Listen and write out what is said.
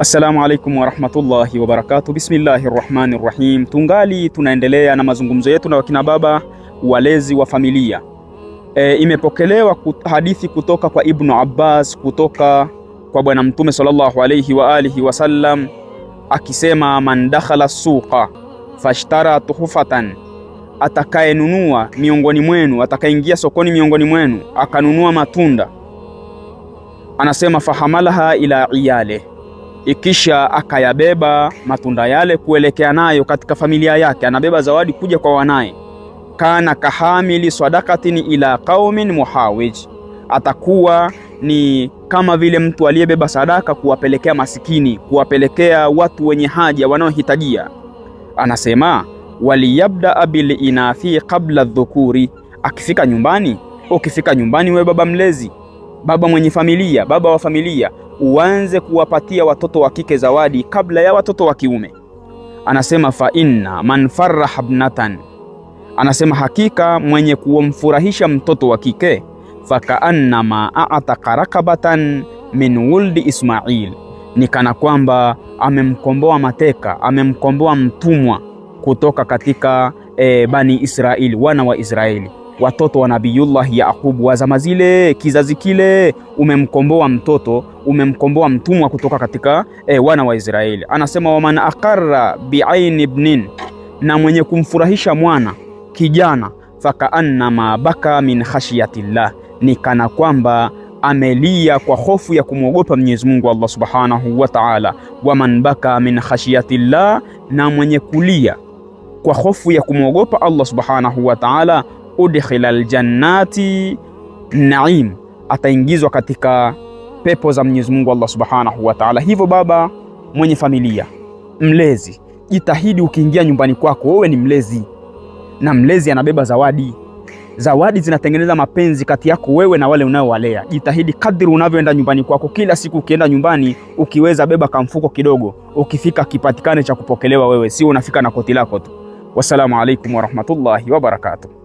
Assalamu alaikum warahmatullahi wabarakatuh. Bismillahi rahmani rahim. Tungali tunaendelea na mazungumzo yetu na wakina baba walezi wa familia. E, imepokelewa kut hadithi kutoka kwa Ibnu Abbas kutoka kwa Bwana Mtume sallallahu alayhi wa alihi wasallam akisema, man dakhala suqa fashtara tuhufatan, atakayenunua miongoni mwenu, atakayeingia sokoni miongoni mwenu akanunua matunda, anasema fahamalaha ila iyale ikisha akayabeba matunda yale kuelekea nayo katika familia yake, anabeba zawadi kuja kwa wanaye. Kana kahamili sadakatin ila qaumin muhawij, atakuwa ni kama vile mtu aliyebeba sadaka kuwapelekea masikini, kuwapelekea watu wenye haja wanaohitajia. Anasema waliyabdaa bilinathi qabla dhukuri, akifika nyumbani. Ukifika nyumbani, we baba mlezi, baba mwenye familia, baba wa familia uanze kuwapatia watoto wa kike zawadi kabla ya watoto wa kiume. Anasema fa inna man faraha ibnatan, anasema hakika mwenye kuwamfurahisha mtoto wa kike fakaannama aataka rakabatan min wuldi Ismail, ni kana kwamba amemkomboa mateka, amemkomboa mtumwa kutoka katika e, bani Israeli, wana wa Israeli watoto wa Nabiyullah Yaqub wa zama zile, kizazi kile. Umemkomboa mtoto, umemkomboa mtumwa kutoka katika eh, wana wa Israeli. Anasema waman aqarra biaini ibnin, na mwenye kumfurahisha mwana kijana, fakaannama baka min khashiyatillah, ni kana kwamba amelia kwa hofu ya kumwogopa Mwenyezi Mungu Allah Subhanahu wa Ta'ala. Waman baka min khashiyatillah, na mwenye kulia kwa hofu ya kumwogopa Allah Subhanahu wa Ta'ala udkhila ljannati naim, ataingizwa katika pepo za Mwenyezi Mungu Allah Subhanahu wa Ta'ala. Hivyo baba mwenye familia, mlezi, jitahidi ukiingia nyumbani kwako, wewe ni mlezi na mlezi anabeba zawadi. Zawadi zinatengeneza mapenzi kati yako wewe na wale unaowalea. Jitahidi kadri unavyoenda nyumbani kwako, kila siku ukienda nyumbani, ukiweza beba kamfuko kidogo, ukifika kipatikane cha kupokelewa wewe, sio unafika na koti lako tu. Wassalamu alaikum warahmatullahi wabarakatuh.